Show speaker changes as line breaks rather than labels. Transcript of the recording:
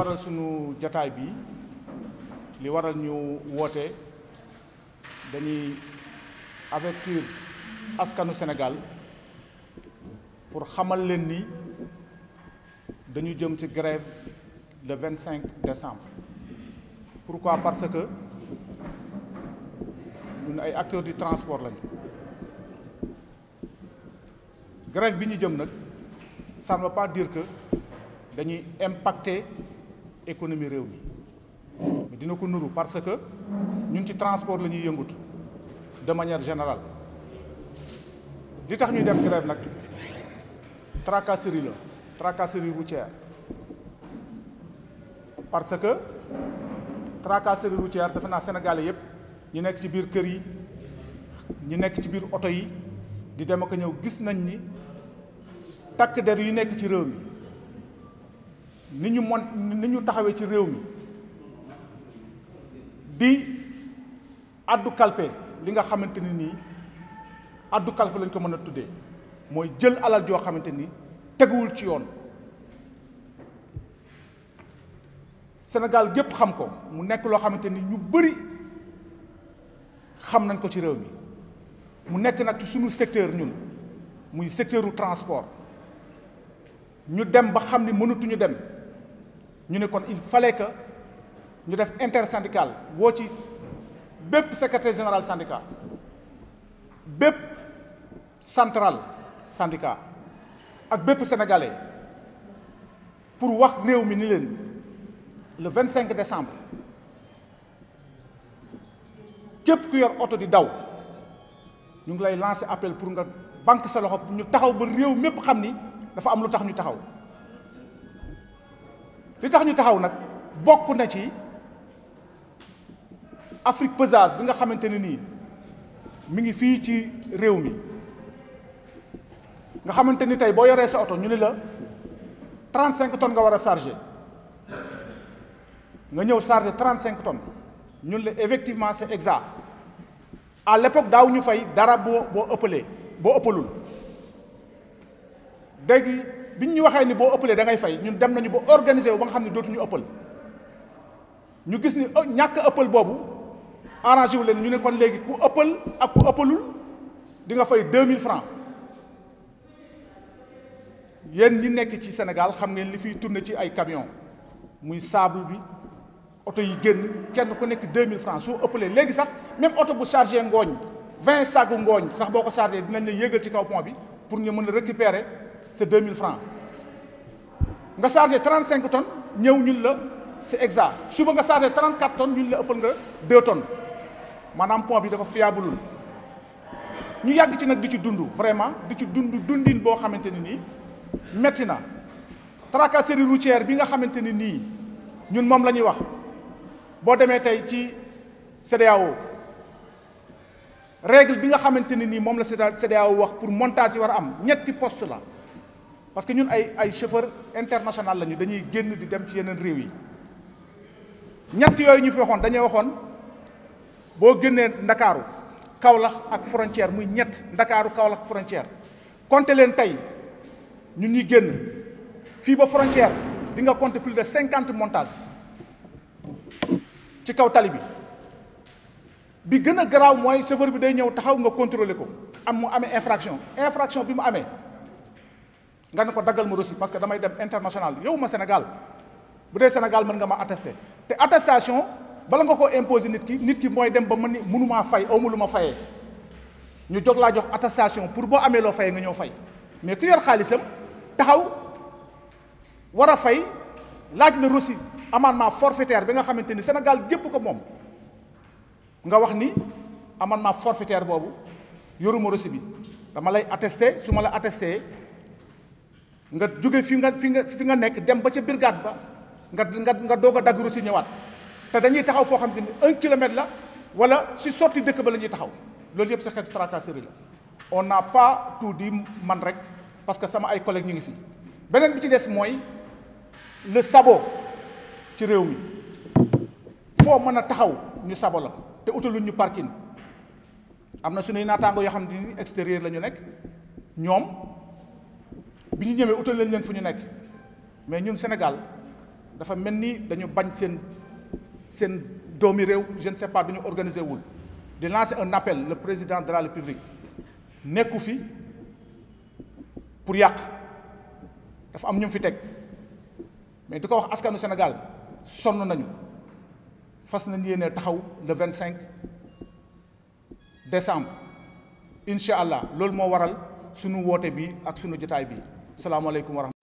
waral sunu jataay bi li waral ñu woote dañuy avertir askanu Sénégal pour xamal leen ni dañu jëm ci grève le vingt cinq décembre pourquoi parce que ñun ay acteurs du transport lañu grève bi ñu jëm nag ça ne pas dire que dañuy impacter économie réew mi dina ko nuru parce que ñun ci transport la ñuy yëngatu de manière générale li tax ñuy dem grève nag tracasserie la tracasserie routière parce que tracasserie routière defe naa Sénégalais yëpp ñi nekk ci biir kër yi ñi nekk ci biir oto yi di dem ak ñëw gis nañ ni takk der yu nekk ci réew mi ni ñu mon ni ñu taxawee ci réew mi di addu kalpe li nga xamante ni nii addu kalpe lañ ko mën a tuddee mooy jël alal joo xamante ni teguwul ci yoon Sénégal gépp xam ko mu nekk loo xamante ni ñu bëri xam nañ ko ci réew mi mu nekk nag ci suñu secteur ñun muy secteur transport ñu dem ba xam ni mënatuñu dem ñu ne kon il fallait que ñu def intersyndical woo ci bépp secretaire général syndicat bépp central syndicat ak bépp sénégalais pour wax réew mi ni leen le vingt cinq décembre képp ku yor oto di daw ñu ngi lay lancer appel pour nga banque sa loxo ñu taxaw ba réew mépp xam ni dafa am lu tax ñu taxaw li tax ñu taxaw nag bokk na ci Afrique pesage bi nga xamante ne nii mu ngi fii ci réew mi nga xamante ni tey boo yoree sa oto ñu ne la trent cinq tonnes nga war a chargé nga ñëw chargé trent cinq tonnes ni la effectivement c'est exact à l'époque daaw ñu fay dara boo boo ëppalee boo ëppalul dégg biñ ñu waxee ni boo ëppalee dangay ngay fay ñun dem nañu ba organiser wu ba nga xam ne dootuñu ëppal ñu gis ni oh, ñàkk ëppal boobu arrangé wu leen ñu ne kon léegi ku ëppal ak ku ëppalul di nga fay 2000 francs yéen ñi nekk ci Sénégal xam ngeen li fiy tourné ci ay camion muy saabu bi oto yi génn kenn ku nekk deux mille francs soo ëppalee léegi sax même oto bu chargé ngooñ 20 sagu ngooñ sax boo ko chargé dinañ la yéegal ci kaw pont bi pour ñu mën a récupérer c' est 2000 francs nga chargé 35 tonnes ñëw ñun la c' exa exact suba nga chargé 34 tonnes ñun la ëppal nga 2 tonnes maanaam pont bi dafa fiabulul ñu yàgg ci nag di ci dund vraiment di ci dund dundin boo xamante ne nii metti na tracasserie routière bi nga xamante ni nii ñun moom la ñuy wax boo demee tey ci CEDEAO règle bi nga xamante ne nii moom la CEDEAO wax pour montage yi war a am ñetti post la parce que ñun ay ay chauffeur international lañu dañuy génn di dem ci yeneen réew yi ñett yooyu ñu fi waxoon dañuy waxoon boo génnee ndakaaru Kaolack ak frontière muy ñett ndakaaru Kaolack frontière compter leen tey ñu ñuy génn fii ba frontière di nga compter plus de cinquante montages ci kaw tali bi bi gën a garaaw mooy chauffeur bi day ñëw taxaw nga contrôler ko am mu amee infraction infraction bi mu amee nga ne ko daggal ma reçu parce que damay dem international yow ma Sénégal bu dee Sénégal mën nga ma attesté te attestation bala nga koo imposer nit ki nit ki mooy dem ba mën ni mënumaa fay aw ma lu ma fayee ñu jog laa jox attestation pour boo amee loo fayee nga ñëw fay mais ku yor xaalisam taxaw war a fay laaj na reçu amendement forfaitaire bi nga xamante ni Sénégal gépp ko moom nga wax ni amendement forfaitaire boobu yoruma reçu bi dama lay attesté su ma la attesté nga jóge fi nga fi nga fi nga nekk dem ba ca brigade ba nga nga nga doog a daggaru si ñëwaat te dañuy taxaw foo xam te ne un kilomètre la wala si sorti dëkk ba la ñuy taxaw loolu yëpp sa xeetu tracasserie la on n'a pas tout di man rek parce que sama ay collègues ñu ngi fi beneen bi ci des mooy la sabo ci réew mi foo mën a taxaw ñu sabo la te utaluñ ñu parking am na su suñuy naataango yoo xam ne extérieur la ñu nekk ñoom bi ñu ñëwee utal leen leen fu ñu nekk mais ñun Sénégal dafa mel ni dañu bañ seen seen doomi réew je ne sais pas organiser wul di lancer un appel le président de la république nekku fi pour yàq dafa am ñu fi teg mais di ko wax askanu Sénégal sonn nañu fas nañ yéene taxaw le vingt cinq décembre incha allah loolu moo waral sunu woote bi ak sunu jotaay bi salaamaaleykum wa